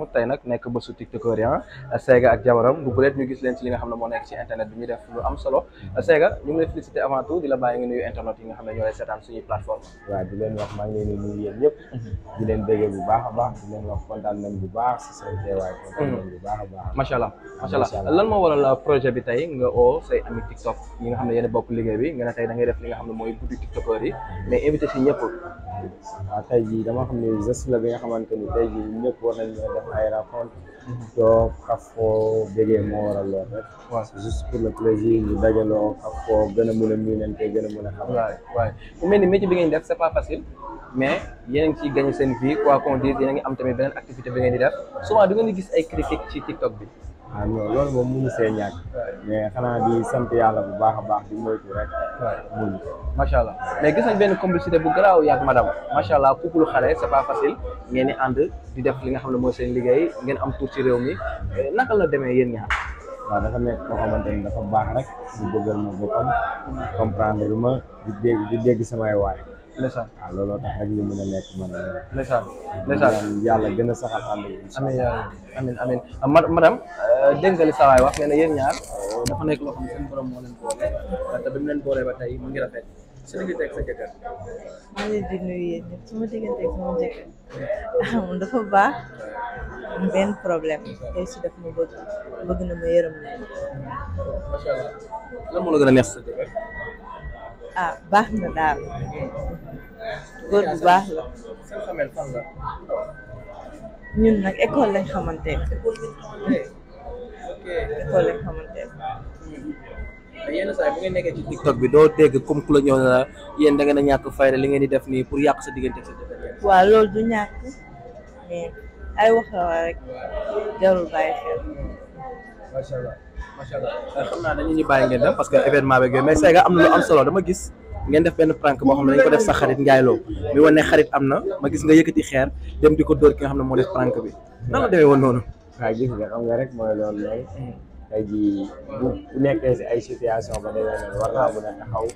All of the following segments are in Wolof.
mu tey nag nekk bésu tiktokeur yi Sega ak jabaram bu guleet ñu gis leen ci li nga xam ne moo nekk ci internet bi ñu def lu am solo Sega ñu ngi lay félicité avant tout di la bàyyi nga nuyu internet yi nga xam ne ñoo lay mm-hmm. bëggee bu baax a baax di leen wax kontaan nañ bu baax si seen a baax macha allah lan moo waral projet bi tey nga oo say ami tiktok yi nga xam ne yéen bokk liggéey bi nga tey da def li nga xam ne mooy guddi tiktokeur yi mais invité si waaw tey jii dama xam ne geste la bi nga xamante ni tey jii ñëpp war nañ mën a def ay rencontre doo xafoo bégee moo waral lool rek juste pour le plaisir ñu dajaloo xafoo gën a mën a miinante gën a mën a xam waaw waaw mu mel ni métier bi ngeen def c'est pas facile mais yéen a ngi seen vie quoi qu'on dise yéen a ngi am tamit beneen activité bi ngeen di def souvent du ngeen di gis ay critiques ci TikTok bi ah non loolu moom mënu see ñàkk. mais xanaa di sant yàlla bu baax a baax di moytu rek. muñ macha allah mais gis nañ benn complicité bu garaaw yaag madame macha allah couple xale c'est pas facile ngeen di ànd di def li nga xam ne mooy seen liggéey ngeen am tour ci réew mi eh, naka la demee yéen ñaar. waaw dafa nekk koo xamante ni dafa baax rek. di bëggal ma boppam comprendre lu ma di di dégg samay waay. ndeysaan waaw ah, looloo a nekk mën a euh, ndeysaan ndeysaan yàlla gën a saxal ànd bi amiin amiin ah, amiin euh, wax nee na yéen ñaar euh, dafa nekk loo mu leen boole sa diggante ak sa ma jëkkër ah, moom dafa baax benn problème tey si daf ma bëgg bëgg na baax na daal góor bu baax la. ñun nag école lañ xamante ne. école lañ xamante ci TikTok bi doo dégg comme ku la ñëw na yéen da ngeen a ñàkk fayda li ngeen di def nii pour yàq sa diggante ak loolu du ñàkk mais ay wax la waa rek jarul bàyyi xel. macha allah macha allah euh, naa dañu ñu bàyyi ngeen dem parce que événement bi mais Sega am na lu am solo dama gis. ngeen def benn prank boo xam ne dañ ko def sa xarit Ndiaye Lo mi wane xarit am na ma gis nga yëkkati xeer dem di ko dóor ki nga xam ne moo def prank bi nan la demee woon noonu. waaw gis nga xam rek mooy loolu loolu tey jii bu nekkee si ay situation ba demee noonu war naa mën a taxaw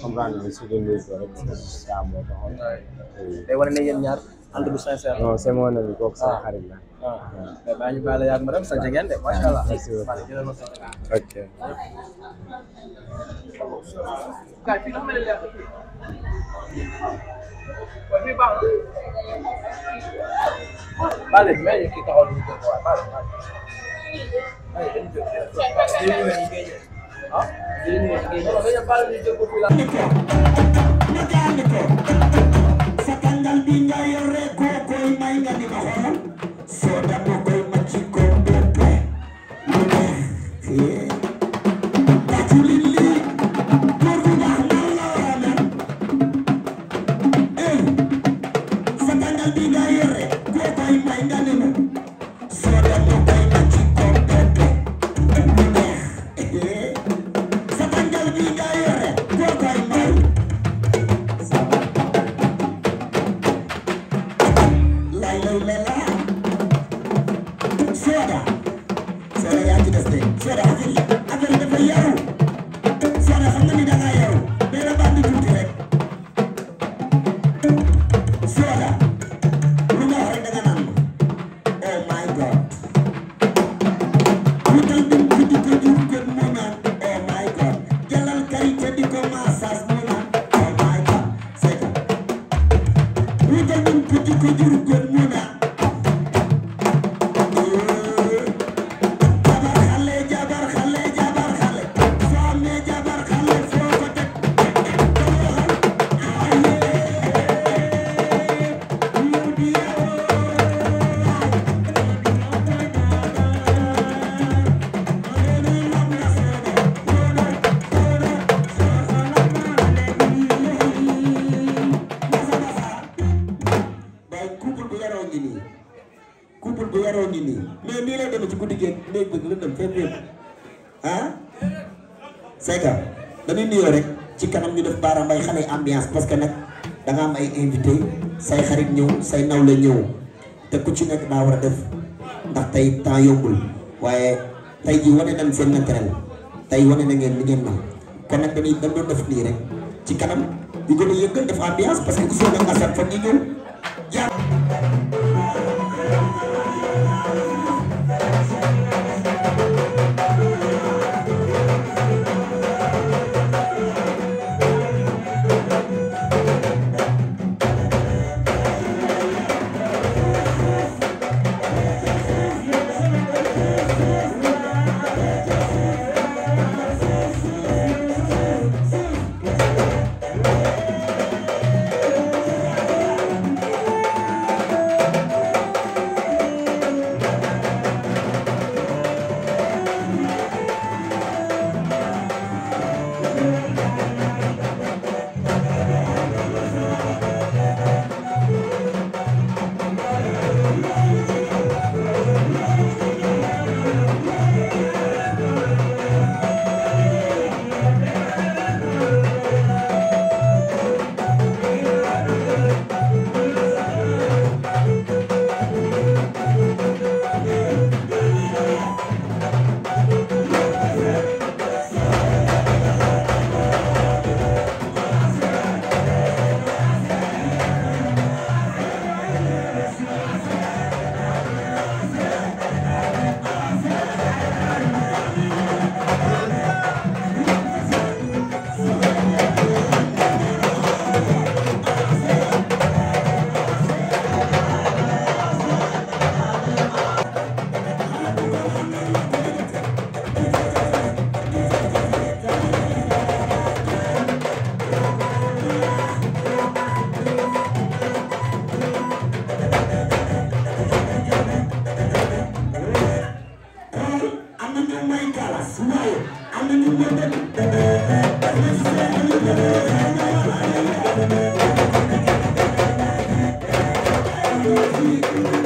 comprendre bi su dul ko rek saa moo taxaw. tey wane na yéen ñaar. ànd bu sincère. non c'est mon ami kooku sama xarit la. waaw mais baa ñu baal a yaag ma dem sant ngeen de macha allah. merci beaucoup ok. Bale mais ñu kii taxaw nañu ko waaye Bale Bale. Bale dañu jóg kii la. Dañu ñëwee ñu koy ñëw. ah dañu ñëwee ñu koy ñëw. Bale ñu jóg kii la. tàngal bi nga yore koo koy may nga di ma xoolal Soda Soda yaa ci des de Soda affaire yi affaire yi dafa yaru guddi géeg néeg bëgg lëndëm fépp yëpp ah c'est que dañuy nuyoo rek ci kanam ñu def baaraam ay xale ambiance parce que nag da nga am ay invité say xarit ñëw say nawle ñëw te ku ci nekk daa war a def ndax tey temps yombul waaye tey ji wane nañ seen naturel tey wane na ngeen li ngeen mën kon nag dañuy dañ doon nii rek ci kanam yu gën a yëngal def ambiance parce que gisoo nag asat fan yi ñëw Thank you.